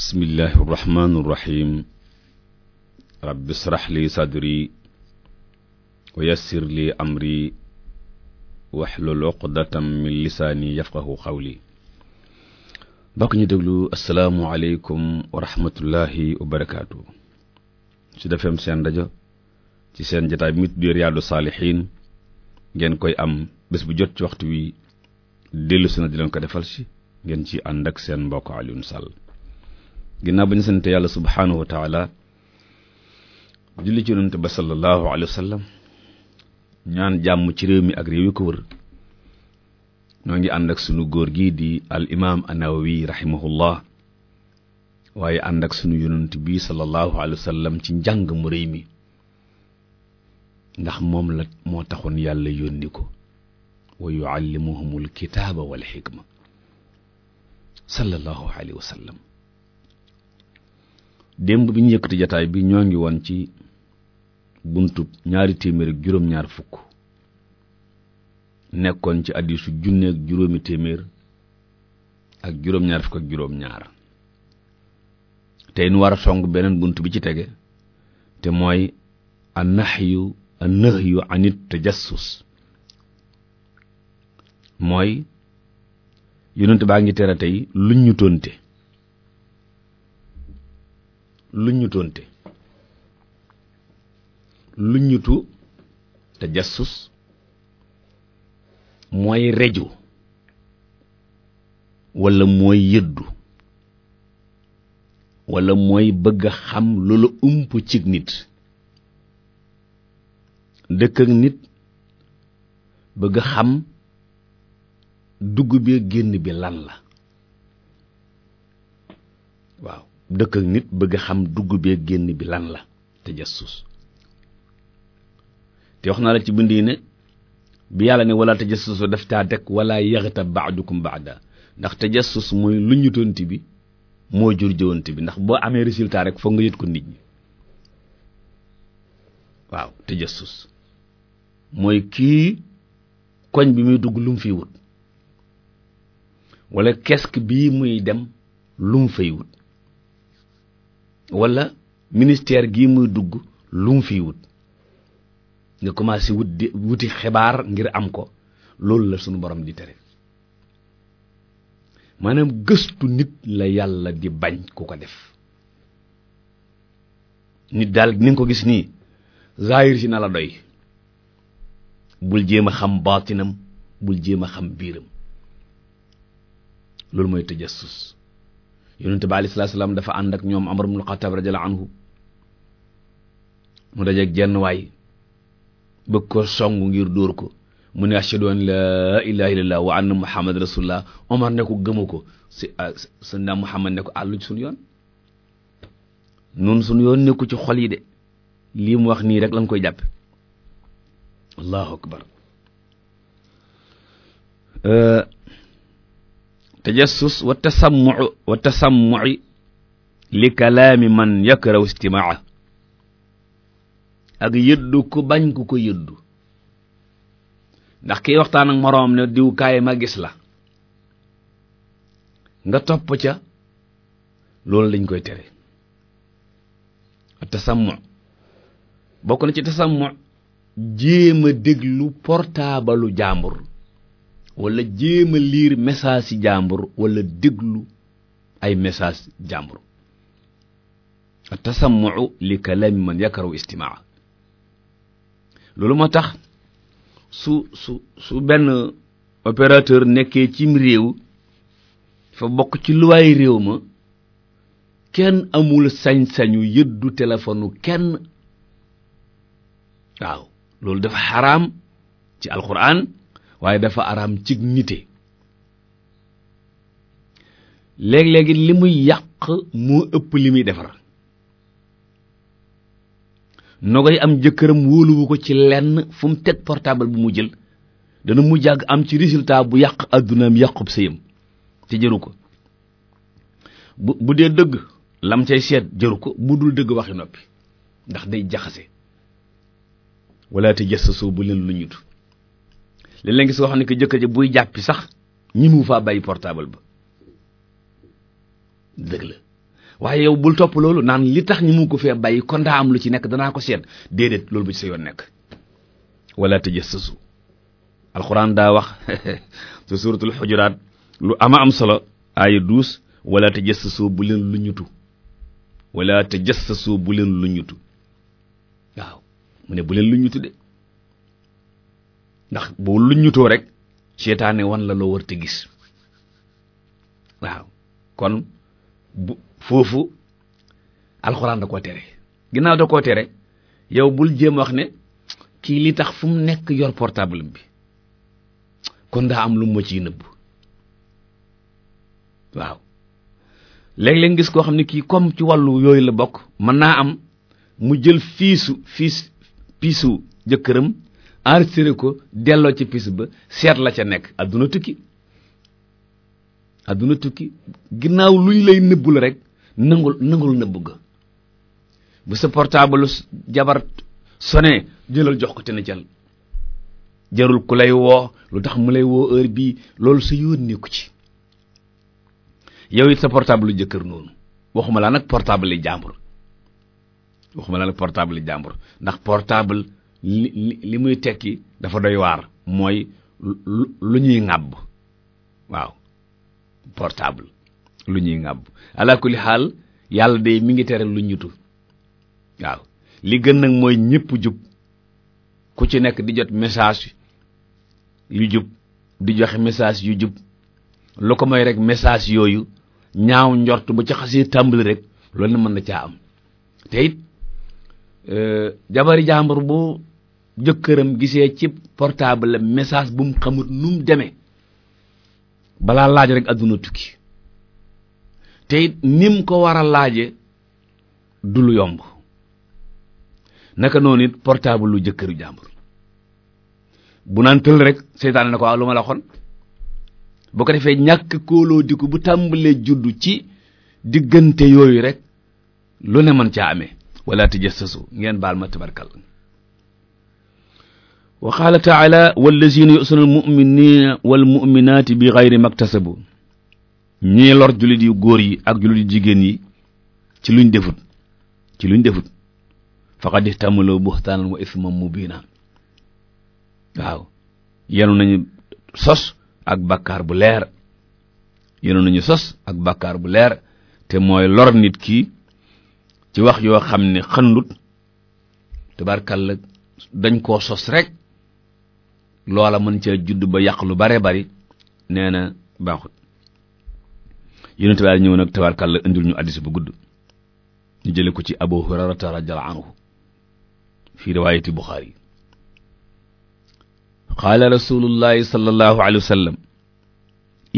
bismillahi irrahmani irrahim rabbi israh li sadri wa li amri waxlul uqdatam min lisaani yafqahu qawli bokk ñu déglu asalaamualeykum wa rahmatullahi wa barakaatu su defeem seen rajo ci seen jataay bi mu tudd Riyadou Salihine ngeen koy am bés bu jot ci waxtu wi dellu si na di leen ko defal si ngeen ci ànd ak seen mbokk Alioune Sall ginnaaw ba ñu sant yàlla subhaanahu wa taala yonent ba sallallahu alayhi wa ñaan jàmm ci réew mi ak réew yi ko wër noo ngi ànd ak sunu góor gi di al imaam an-Nawawi rahimahullah waaye ànd ak sunu yonent bi sallallahu alayhi wa ci njàng mu réy mi ndax moom la moo taxoon yàlla yónni ko wa yuallimuhumul kitaaba wal xikma sallallahu alayhi wa sallam démb bi ñu yëkkati jataay bi ñoo ngi woon ci buntub ñaari téeméer ak juróom-ñaar fukk nekkoon ci hadiisu junne ak juróomi téeméer ak juróom-ñaar fukk ak juróom-ñaar tey nu war a song beneen bunt bi ci tege te mooy an nahyu an nahyu anit tajassus mooy yonent baa ngi tere tey luñ ñu lu ñutoonte lu ñutu te jassus mooy reju walla mooy yëddu walla mooy bëgg xam lu la ump ci nit dëkk ak nit bëgg xam dugg bi génn bi lan la waaw dëkk nit bëgg xam dugg bee génn bi lan la te jassus te wax naa la ci bind yi ne bi yàlla ne wala tajassusu daf taa teg wala yaxtab baadukum baada ndax tajassus mooy lu ñu tonti bi moo jur jëwante bi ndax boo amee résultat rek foog nga yët ko nit ñi waaw tajassus mooy kii koñ bi muy dugg lu mu fiy wut wala kesk bii muy dem lu mu fay wut wala ministère gi muy dugg lu mu fiy wut nga commencé wut di wuti xibaar ngir am ko loolu la sunu borom di tere maanaam gëstu nit la yàlla di bañ ku ko def nit daal ni ko gis nii zahir si na la doy bul jéem a xam baatinam bul jéem a xam biiram loolu mooy tajassus yonente bi alayhi salaatu salaam dafa ànd ak ñoom Amar ibnul Xattaab radiyallaahu anhu mu dajeeg jenn waay bëgg ko song ngir dóor ko mu ne ashhadu an laa ilaaha illallaah wa anna Muhammad rasulullaah Omar ne ko gëmu ko si ah, Muhammad ne ko àlluñ suñu yoon nun suñu yoon nekku ci xol yi de lii mu wax nii rek lañ koy jàpp allahu akbar euh, tajassus wa tasammu'u li kalaami man yakrahu istimaa ak yëddu ku bañ ku ko yëddu ndax kiy waxtaan ak moroom ne diw ma gis la nga topp ca loolu lañ koy tere tasammu bokk na ci tasammu jéem déglu portaabalu jàmbur walla jéem a liir message ci jàmbur walla déglu ay message jàmbur tasammu'u li kalaami man yakrahu istimaa loolu moo tax su su su benn opérateur nekkee cim réew fa bokk ci luwaay réew ma kenn amul sañ-sañu yëddu téléphone kenn waaw loolu dafa xaraam ci alquran waaye dafa araam cig nite léeg-léegi li muy yàq moo ëpp li muy defar nogoy am jëkkëram wóoluwu ko ci lenn fu mu teg portable bu mu jël dana mu jàgg am ci résultat bu yàq addunaam yàqub sëyam te jëru ko bu bu dee dëgg lam cay seet jëru ko bu dul dëgg waxi noppi ndax day jaxase wala te sa soo bu leen lu ñut li leen gis koo xam ne que jëkkër ji buy jàppi sax ñi mu faa bàyyi portable ba dëgg la waaye yow bul topp loolu naan li tax ñi mu ko fee bàyyi kon daa am lu ci nekk danaa ko seet déedéet loolu bu ci sa yoon nekk wala tajassasu alxuraan daa wax te suuratul xujuraat lu ama am solo aaya douze wala tajassasu bu leen lu ñutu sa tajassasu bu leen lu ñutu waaw mu ne bu leen lu ñutu de ndax boo ñutoo rek seetaane wan la loo te gis waaw kon bu foofu alxuraan da koo tere ginnaaw da koo tere yow bul jéem wax ne kii li tax fu mu nekk yor portable bi kon daa am lu mu ma ciy nëbb waaw léeg-léeg ngis koo xam ne kii comme ci wàllu yooyu la bokk mën naa am mu jël fiisu fiis piisu jëkkëram enregistré ko delloo ci pis ba seet la ca nekk adduna tukki adduna tukki ginnaaw lu ñu lay nëbbul rek nangul nangul nëbb ga bu sa portable jabar sone jëlal jox ko te na jël jarul ku lay woo lu tax mu lay woo heure bii loolu sa yoon nekku ci yow it sa portable jëkkër noonu waxuma laa nag portable yi jàmbur waxuma laa nag portable yi jàmbur ndax portable li li muy tekki dafa doy waar mooy lu ñuy ŋàbb waaw portable lu ñuy ŋàbb ala kulli xaal yàlla day mi ngi tere lu ñutu waaw li gën nag mooy ñëpp jub ku ci nekk di jot message yu jub di joxe message yu jub lu ko moy rek message yooyu ñaaw njort bu ci xasee tàmbali rek loolu na mën na caa am te euh, jabari jàmbur bu jëkkëram gisee ci portable message bu mu xamut nu mu demee balaa laaj rek àdduna tukki te nim ko war laaje du lu yomb naka noonu it portable lu jëkkëru jàmbur bu naan tël rek seytaane na ko waaw ah, lu ma la xon bu ko defee ñàkk kóoloo diku bu tàmbalee juddu ci diggante yooyu rek lu ne mën caa amee wala tëjë sasu ngeen baal ma tabarkal wa qaala taala wallazina yusuna almuminina walmuminaati bi gayri maktasabu ñii lor jullit yu góor yi ak jullit yu jigéen yi ci luñ defut ci luñ defut faqad ihtamalu buhtaanan wa ithman mubina waaw yenu nañu sos ak bàkkaar bu leer yenu nañu sos ak bàkkaar bu leer te mooy lor nit ki ci wax yoo xam ne xandut tabarkalla dañ koo sos rek loola mën ca judd ba yàq lu bare bari nee na baaxut yonente bi ñëw nag tabarkàlla indil ñu addis bu gudd ñu jële ko ci abu hurairata radiyallahu anhu fi riwaayati buxaari qaala rasulullahi sallallahu alayhi wa sallam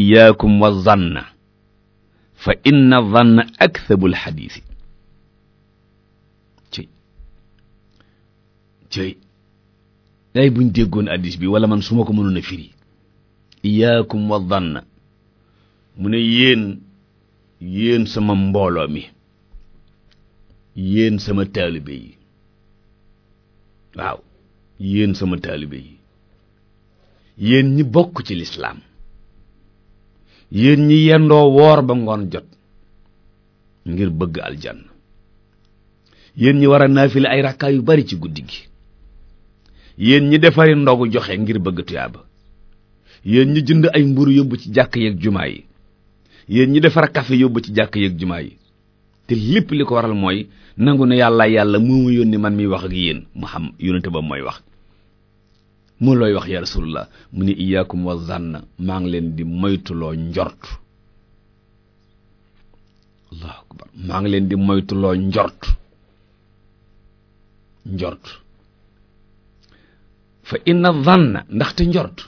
iyaakum wa zanna fa inna zanna akdhabul xadiisi cëy cëy day buñ déggoon addis bi wala man su ma ko mënoon a firi iyaakum wa dhann mu ne yéen yéen sama mbooloo mi yéen sama taalibe yi waaw yéen sama taalibe yi yéen ñi bokk ci lislaam yéen ñi yendoo woor ba ngoon jot ngir bëgg aljanna yéen ñi war a naafile ay rakkaa yu bari ci guddi gi yéen ñi defari ndogu joxe ngir bëgg tuyaaba yéen ñi jënd ay mburu yóbbu ci jàkk yeeg jumaa yi yéen ñi defar kafe yóbbu ci jàkk yeeg jumaa yi te lépp li ko waral mooy nangu ne yàlla yàlla moo ma yónni man mi wax ak yéen mu xam yónnate ba mooy wax moo looy wax ya rasulullah mu ne iyaakum wa zanna maa ngi leen di moytuloo njort maa ngi leen di moytuloo njort njort fa inna dhanna ndaxte njort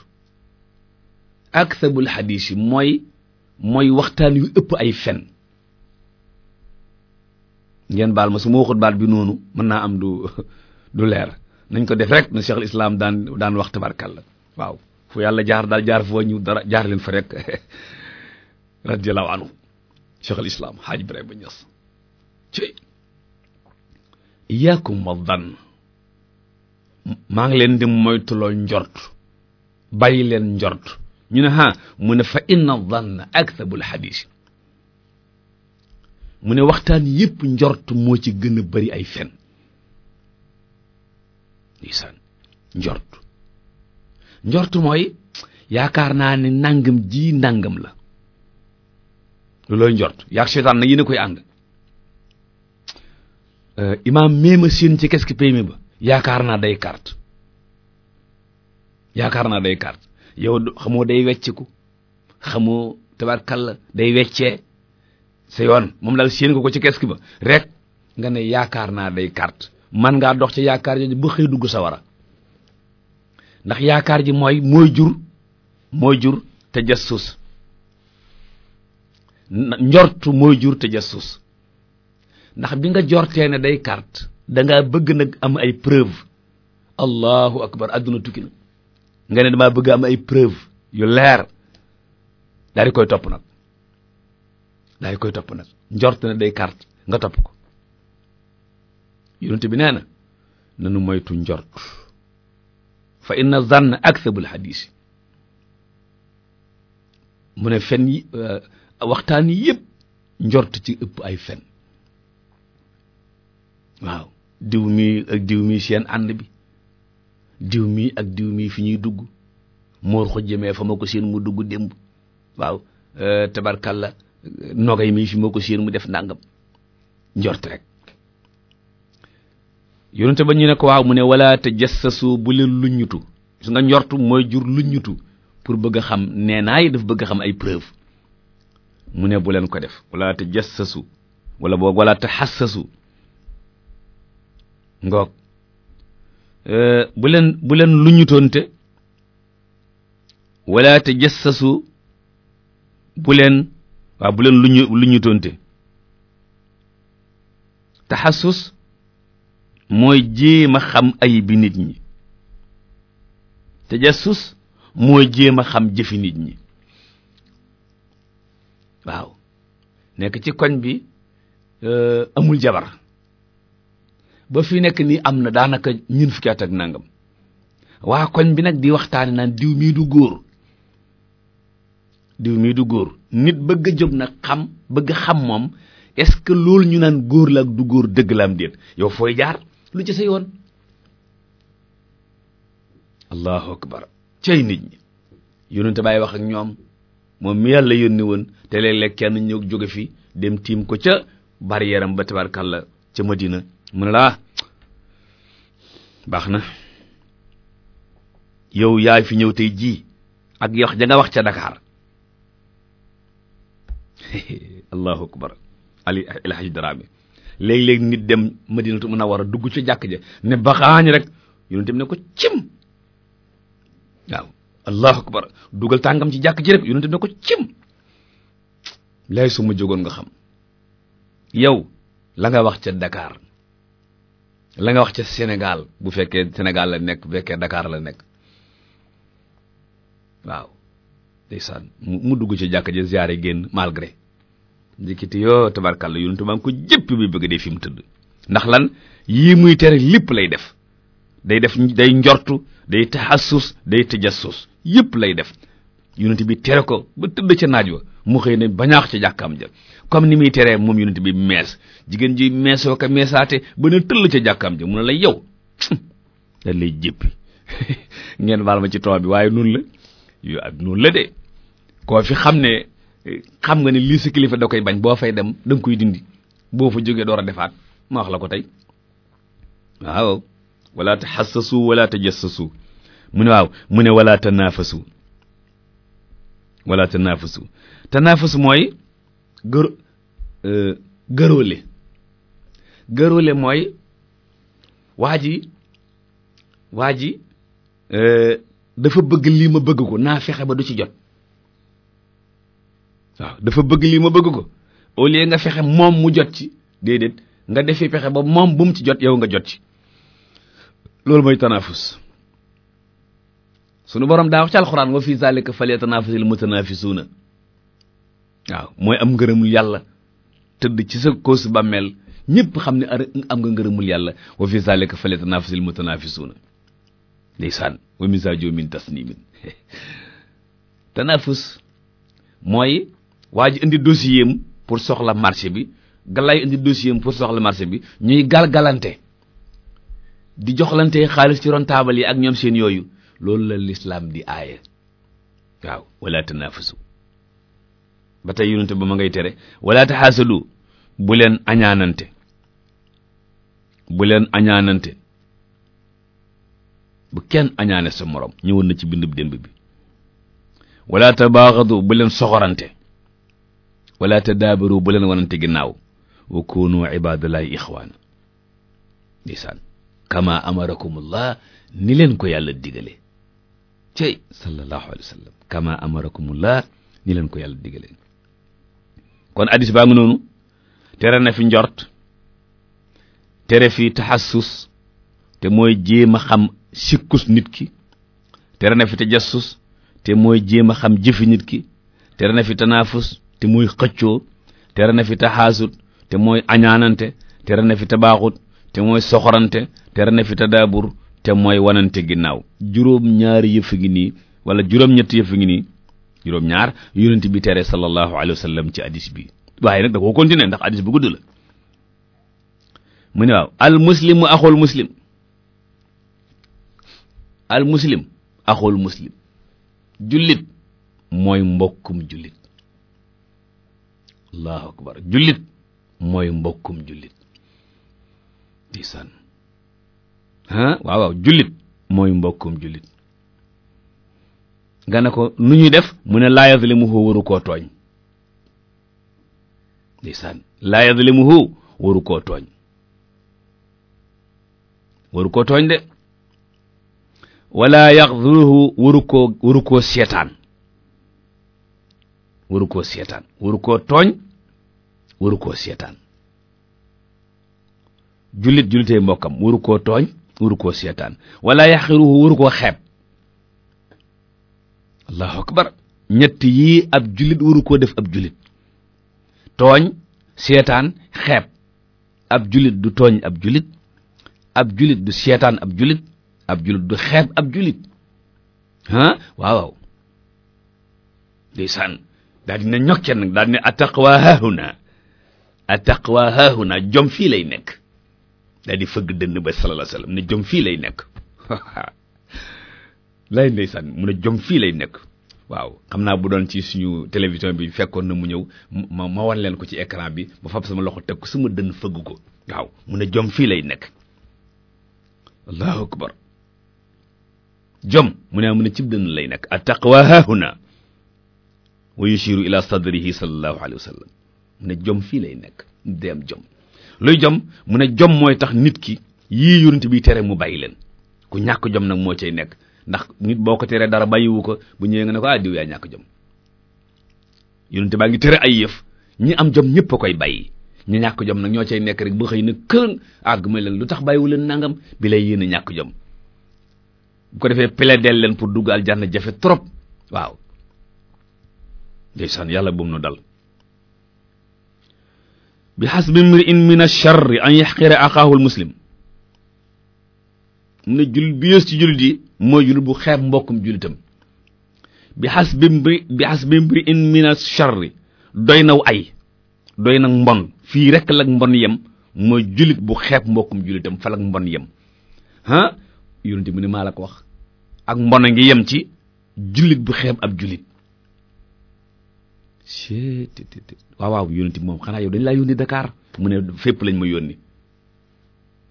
aksabul xadiis mooy mooy waxtaan yu ëpp ay fen ngeen baal ma su ma waxut baat bi noonu mën naa am du leer nañ ko def rek na Cheikh Islam daan daan wax tabarkàlla waaw fu yàlla jaar daal jaar foo ñu dara jaar leen fa rek radiyallahu anhu Cheikh al Islam Haaj Ibrahima Ñas ci iyaakum wa maa ngi leen di moytuloo njort bàyyi leen njort ñu ne ha mu ne fa inna dhanna akdhabul hadith mu ne waxtaan yépp njort moo ci gën a bari ay fen ndeysaan njort njort mooy yaakaar naa ne nangam ji nangam la lu looy njort yaak seytaan nag yi koy ànd euh, imaam méema seen ci keski pay ba yaakaar naa day carte yaakaar naa day carte yow xamoo day wecciku xamoo tabarkalla day wecce sa yoon moom daal séen nga ko ci keski ba rek nga ne yaakaar naa day carte man ngaa dox ci yaakaar jooju ba xëy dugg sa wara ndax yaakaar ji mooy mooy jur mooy jur te jassus njort mooy jur te jassus ndax bi nga jortee ne day carte dangaa bëgg nag am ay preuve allahu akbar adduna tukki na nga bëgg am ay preuve yu leer daal koy topp nag daal koy topp nag njort na day carte nga topp ko yonent bi nee na nanu moytu njort fa inna zann aksabul hadis mu ne fen yi euh, waxtaan yëpp njort ci ëpp ay fen diw mii ak diw mii seen ànd bi diw mii ak diw mii fi ñuy dugg moor xo jëmee fa ma ko seen mu dugg démb waaw euh, tabarkalla nogay mii fi ma ko seen mu def ndàngam njort rek yonente ba ñu ne ko waaw mu ne wala te jassasu bu leen luññutu su nga njortu mooy jur ñutu pour bëgg a xam nee naay daf bëgg a xam ay preuve mu ne bu leen ko def wala te jassasu wala boog wala sa xassasu ngoog euh, bu leen bu leen luñutoonte wala tajassasu bu leen waaw bu leen luñu luñutoonte taxassus mooy jéem a xam ayib bi nit ñi tajassus mooy jéem a xam jëfi nit ñi waaw nekk ci koñ bi euh, amul jabar ba fi nekk nii am na daanaka ñun fukki at ak nangam waa koñ bi nag di waxtaane naan diw mii du góor diw mii du góor nit bëgg a jóg nag xam bëgg xam moom est-ce que loolu ñu naan góor la ak du góor dëgg la am déet yow fooy jaar lu ci sa yoon allahu akbar cey nit ñi yónente bàyyi wax ak ñoom moom mi yàlla yónni woon te léeg-léeg kenn ñëw jóge fi dem tiim ko ca bari yaram ba tabarkalla ca Madina mu ne la baax na yow yaay fi ñëw tey jii ak yox ja wax ca Dakar allahu akbar ali El Hadj Daraame léegi-léegi nit dem war a dugg ci jàkk ja ne baxaañ rek yonent bi ne ko cim waaw allahu tàngam ci jàkk ji rek yonent ne ko cim lay su ma jógoon nga xam yow la nga wax ca Dakar la nga wax ca Sénégal bu fekkee Sénégal la nekk bu fekkee Dakar la nekk waaw ndeysaan mu dugg ci jàkka ji ziyaare génn malgré ndikkiti yoo tabarkàlla yonentu maa ngi ko jëpp bi bëgg dee fi mu tëdd ndax lan yii muy tere lépp lay def day def day njortu day taxassus day tajassus yëpp lay def yonent bi tere ko ba tëdd ca naaj wa mu xëy ne bañaax ca jàkkaam ja comme ni muy teree moom yonent bi mees jigéen ji meesoo ka meesaate ba ne tëll ca jàkkam ja mu ne lay jéppi ngeen baal ma ci tool bi waaye noonu la yu ak fi xam ne xam nga ne lii kilifa da koy bañ boo fay dem da koy dindi boo fa jógee door a defaat ma la ko tey waaw wala taxassasu wala mu ne waaw mu ne wala tanaafasu wala tanaafusu tanaafusu mooy gër euh, gëróole gëróole mooy waa ji waa ji euh, dafa bëgg lii ma bëgg ko naa fexe ba du ci jot waaw dafa bëgg lii ma bëgg ko au lieu nga fexe moom mu jot ci déedéet nga defi pexe ba moom bu mu ci jot yow nga jot ci loolu mooy tanaafus sunu borom daa wax ci alxuraan wa fi zalika falyatanafasil mutanafisuuna waaw mooy am ngërëmul yàlla tëdd ci sa koosu bàmmeel ñëpp xam ne am nga ngërëmul yàlla wa fi zalika falyatanafasil mutanafisuuna ndeysaan wa misaaju min tasnimin tanafus mooy waa ji indi dossier am pour soxla marché bi galaay indi dossier am pour soxla marché bi ñuy gal galante di joxlante xaalis ci ron taabal yi ak ñoom seen yooyu loolu la lislaam di aaya waaw wala tanaafasu ba tey yonente ba ma ngay tere wala taxaasalu bu leen añaanante bu leen añaanante bu kenn añaane sa moroom ñëwoon na ci bindub démb bi wala tabaaxadu bu leen soxorante wala tadaabaru bu leen wanante ginnaaw wa kunu ibadallahi ixwaana ndeysaan kama amarakumullah ni leen ko yàlla digale cey sallallahu alayhi wa sallam kama amarakumullah ni leen ko yàlla diggaleen kon addis baa ngi noonu tere na fi njort tere fi taxassus te mooy jéem a xam sikkus nit ki tere na fi tajassus te mooy jéem a xam jëfi nit ki tere na fi tanaafus te mooy xëccoo tere na fi taxaasut te mooy añaanante tere na fi tabaaxut te mooy soxorante tere na fi tadaabur te mooy wanante ginnaaw juróom ñaari yëf ngi nii wala juróom ñetti yëf ngi nii juróom ñaar yonent bi tere sallallahu alayhi wa ci hadis bi waaye nag da koo continuer ndax hadis bu gudd la mu ne waaw al muslimu muslim jullit mooy mbokkum jullit allahu akbar jullit mooy mbokkum jullit ah waaw waaw jullit mooy mbokkum jullit nga ne ko nu ñuy def mu ne laa yazlimuhu waru koo tooñ ndeysaan laa yazlimuhu waru koo tooñ waru koo tooñ de wala yaxduluhu waru koo koo seetaan waru koo seetaan waru koo tooñ waru koo seetaan jullit jullitee mbokkam waru koo tooñ waru koo seetaan wala yaxiruhu waru koo xeeb allahu akbar ñett yii ab jullit waru koo def ab jullit tooñ seetaan xeeb ab jullit du tooñ ab jullit ab jullit du seetaan ab jullit ab jullit du xeeb ab jullit ah waaw waaw dina ñokkee nag daal dina attaqwa haahuna jom fii lay nekk daal fëgg dënn ba sallallahu alayhi wasallam ne jom fii lay nekk lay ndeysaan mu ne jom fii lay nekk waaw xam naa bu doon ci suñu télévision bi fekkoon na mu ñëw ma ma leen ko ci écran bi ma fab sama loxo teg ko sama dënn fëgg ko waaw mu ne jom fii lay nekk allahu akbar jom mu ne mu ne cib dënn lay nekk at-taqwa haahuna wa yushiru ila sadrihi sallallahu alayhi wasallam mu ne jom fii lay nekk dem jom luy jom mu ne jom mooy tax nit ki yii yonent bi tere mu bàyyi leen ku ñàkk jom nag moo cay nekk ndax nit boo ko teree dara bàyyiwu ko bu ñëwee nga ne ko ah diw yaa ñàkk jom yonent baa ngi tere ay yëf ñi am jom ñëpp a koy bàyyi ñu ñàkk jom nag ñoo cay nekk rek ba xëy na kër àgg ah, may leen lu tax bàyyiwu leen nangam bi lay yéen a ñàkk jom bu ko defee plaidel leen pour dugg aljanna jafe trop waaw ndeysaan yàlla bu mu nu dal bi xasbi mriin min alcharri an yaxqira axaahul muslim mu ne jullit bu xeeb mbokkum jullitam bi xasbi mri bi xasbi mriin min alcharri doy naw ay doy nag mbon fii rekk lak mbon yem mooy jullit bu xeeb mbokkum jullitam falak mbon yem ah yonente mu ne maa la ko wax ak mbon a ngi yem ci jullit bu xeeb ab jullit ci waaw waaw yónni moom xanaa yow dañ laa yónni Dakar mu ne fépp lañ ma yónni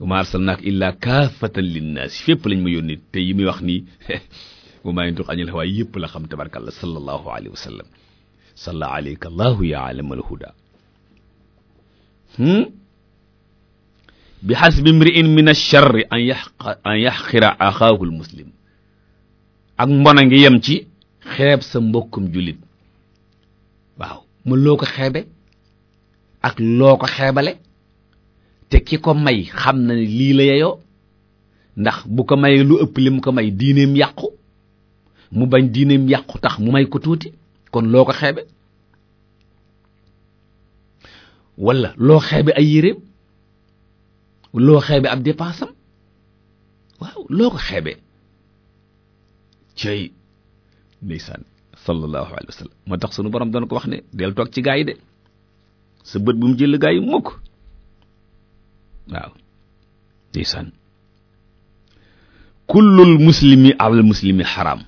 wa maa arsalnaaka illaa kaafatan linnaas fépp lañ ma yónni te yi muy wax nii wa maa yantiqu anil hawaa yëpp la xam tabarakalla sallallahu alayhi wa sallam salla alayka allahu ya alamal huda hmm? bi xasbi mri'in min ash-sharri an yahqa an yaxqira ak mbon a ngi yem ci xeeb sa mbokkum jullit waaw ma loo ko xeebe ak loo ko xeebale te ki ko may xam na ne lii la yeyoo ndax bu ko mayee lu ëpp li mu ko may diineem yàqu mu bañ diineem yàqu tax mu may ko tuuti kon loo ko xeebe wala loo xeebe ay yéreem loo xeebe ab dépassam waaw loo ko xeebe cey ndeysaan sallallahu alayhi wa sallam moo tax sunu borom doon ko wax ne del toog ci gaa yi de sa bët bu mu jël gaa yi mukk waaw ndeysaan kullul muslimi alal muslimi xaram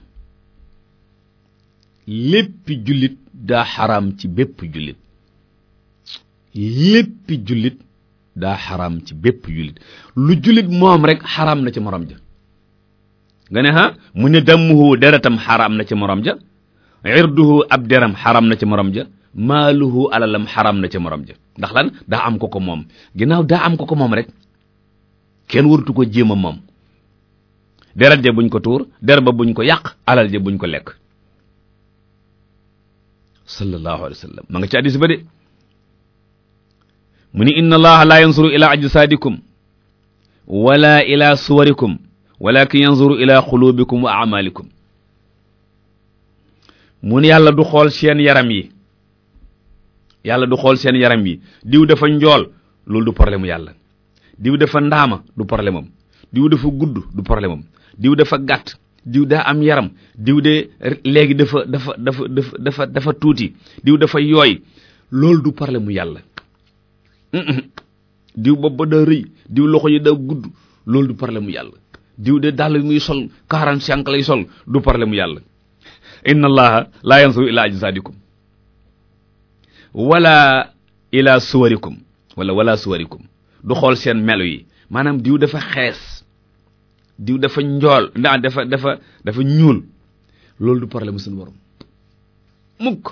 léppi jullit daa xaram ci bépp jullit jullit daa ci bépp jullit lu jullit moom rek xaram na ci morom ja nga ne ha mu ne dammuhu deretam xaram na ci morom ja irduhu ab deram xaram na ci morom ja maaluhu alalam xaram na ca morom ja ndax lan daa am ko ko moom ginnaaw daa am ko ko moom rek kenn wartu ko jéem a moom deret ja buñ ko tuur der ba buñ ko yàq alal ja buñ ko lekk sallallahu alayhi wa sallam ma nga ci hadiis ba de mu ni inna allaha la yanzuru ila ajsaadikum wala ila suwarikum walakin yanzuru ila qulubikum wa a'malikum mun yàlla du xool seen yaram yi yàlla du xool seen yaram yi diw dafa njool loolu du problème mu yàlla diw dafa ndaama du problème am diw dafa gudd du problème am diw dafa gàtt diw daa am yaram diw de léegi dafa dafa dafa dafa tuuti diw dafa yooy loolu du problème mu yàlla diw bopp ba daa rëy diw loxo yi daa gudd loolu du problème mu yàlla diw de dàll muy sol quarante-cinq lay sol du problème mu yàlla inna laa yansuru ila ajsadikum wala ila suwarikum wala wala suwarikum du xool seen melo yi maanaam diw dafa xees diw dafa njool ndax dafa dafa dafa ñuul loolu du problème suñu boroom mukk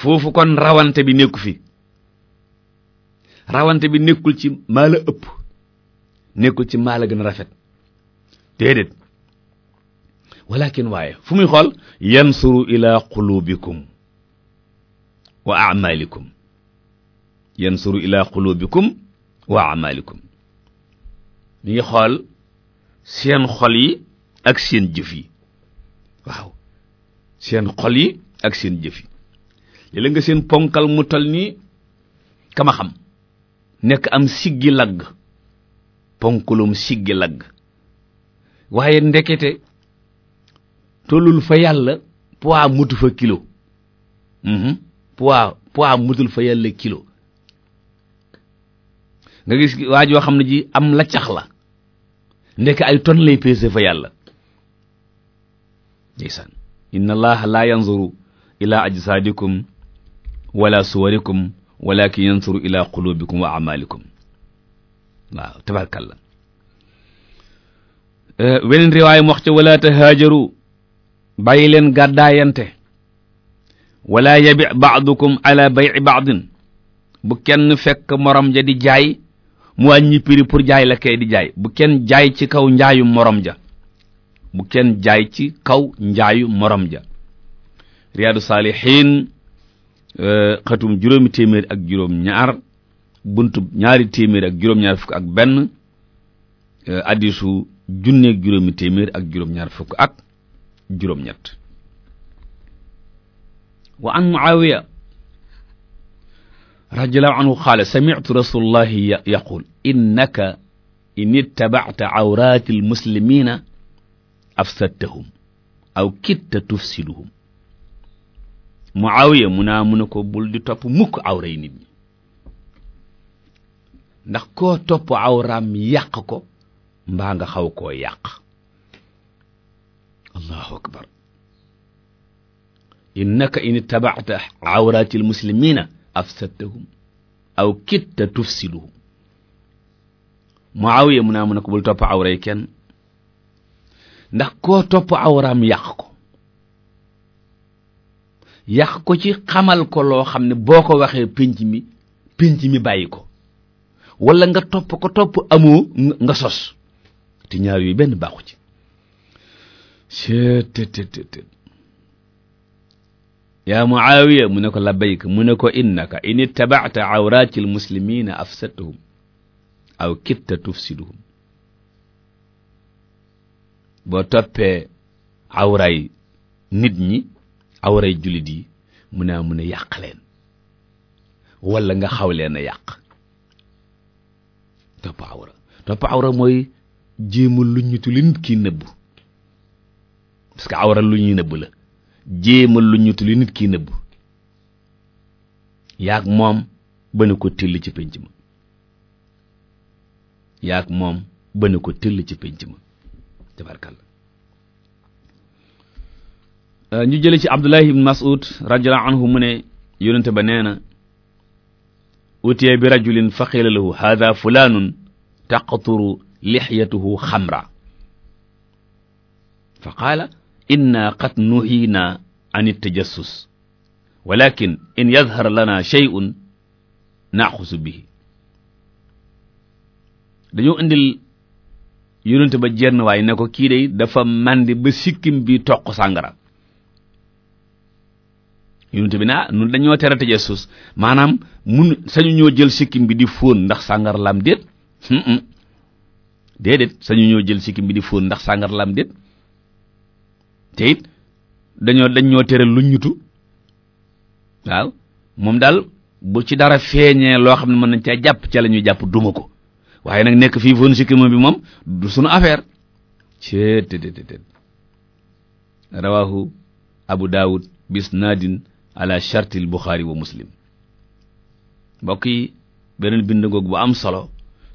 foofu kon rawante bi nekku fi rawante bi nekkul ci maa la ëpp nekkul ci maa la gën a rafet déedéet walakin waaye fu muy xool yansuru ila qulubikum wa amalikum yansuru ila qulubikum wa amalikum mu ngi xool seen xol yi ak seen jëf yi waaw seen xol yi ak seen jëf yi léeg nga seen ponkal mu tol nii kama xam nekk am siggi lagg ponkalum siggi lagg waaye ndekete tollul fa yàlla poids mutu fa kilo mm-hmm. poids poids fa yàlla kilo nga gis waa joo xam ne ji am laccax la ndekk ay ton lay peese fa yàlla ndeysaan inna allaha la yanzuru ila ajsadikum wala suwarikum walakin yanzuru ila qulubikum wa amalikum waaw tabarkalla eh, weneen riwaaya wax ca wala tahaajaru bàyyi leen gàddaayante wala yabi baadukum ala bayi baadin bu kenn fekk morom ja di jaay mu wàññi prix pour jaay la kay di jaay bu kenn jaay ci kaw njaayum morom ja bu kenn jaay ci kaw njaayu morom ja riyaadu saalihiin euh, xatum juróomi téeméer ak juróom ñaar buntu ñaari téeméer ak juróom ñaar ak benn euh, addisu junneeg juróomi téeméer fukk ak juróom-ñett wa an muawiya radiallahu anhu qaala sami'tu rasulullahi yaqul innaka in ittaba'ta awraati almuslimina afsadtahum aw kitta tufsiduhum muawiya mu naa mun a ko bul di topp mukk awra yi nit ñi ndax koo topp awraam yàq ko mbaa nga xaw koo yàq allahu akbar innaka tabaxta ittabacta awraati almuslimina afsadtahum aw kitta tufsiduhum Muawiya mu naa mu ne ko bul topp awra kenn ndax koo topp awraam yàq ko yàq ko ci xamal ko loo xam ne boo ko waxee pénc mi pénc mi bàyyi ko walla nga topp ko topp amoo nga sos te ñaar yooyu benn bàqu ci cttt yaa muawiya mu ne ko labbayk mu ne ko innaka in ittaba'ta awrati af afsadtuhum aw kitta tufsiduhum boo toppee awray nit ñi awray jullit yi mun naa mun a yàq leen wala nga xaw leen a yàq topp awra topp awra mooy jéemul lu ñutu nit ki nëbbu parce que a lu ñuy nëbb la jéema lu ñu tuli nit ki nëbb yaag moom ba ko till ci pénc ma yaag moom ba ko till ci euh, ñu jële ci abdullahi ibn mas'ud radiyallahu anhu mu ne yonente ba nee na utiya bi rajulin fa qiila lahu haadha fulaanun taqturu lixyatuhu xamra fa qaala inna qad nuhiina an tajassus walakin in yadhar lana shay'un naxusu bihi dañoo indil yonente ba jenn waaye ne ko kii day dafa màndi ba sikkim bi toq sàngara yonente bi naa ah, nun dañoo tere tajassus maanaam mun sañu ñoo jël sikkim bi di fóon ndax sàngara laam déet hmm, hmm. déedéet sañu ñoo jël sikkim bi di fóon ndax sàngara laam déet te dañoo dañ ñoo tere lu ñutu waaw moom daal bu ci dara feeñee loo xam ne mën nañ caa jàpp ca la ñuy jàpp duma ko waaye nag nekk fii fon sikkima bi moom du sunu affaire ceet tet rawahu abu daawud bisnaadin ala shartil buxaari wa muslim mbokk yi beneen bind ngoog bu am solo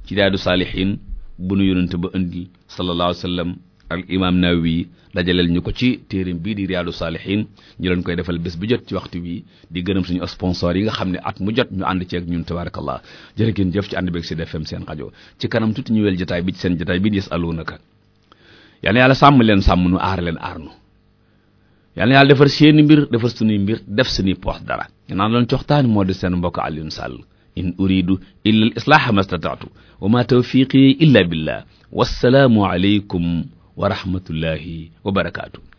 ci daadu saalihiin bu nu yonente ba indil sallallahu alayhi al imaam Nawawi dajaleel ñu ko ci téerim bi di Riyadou Salihine ñu leen koy defal bés bu jot ci waxtu wi di gërëm suñu sponsor yi nga xam ne at mu jot ñu ànd ceeg ñun tabarakallah jërë ngeen jëf ci ànd beeg Sud seen rajo ci kanam tuuti ñu wel jotaay bi ci seen jotaay bi di Yasalunaka yal na yàlla sàmm leen sàmm nu aar leen aar nu yal na yàlla defar seeni mbir defar suñuy mbir def suñuy poos dara ñu naan doon coxtaani moo di seen mbokk Alioune Sall in uridu illa al islaaha ma stataatu wa ma tawfiqi illa wa rahmatullahi wa barakaatu.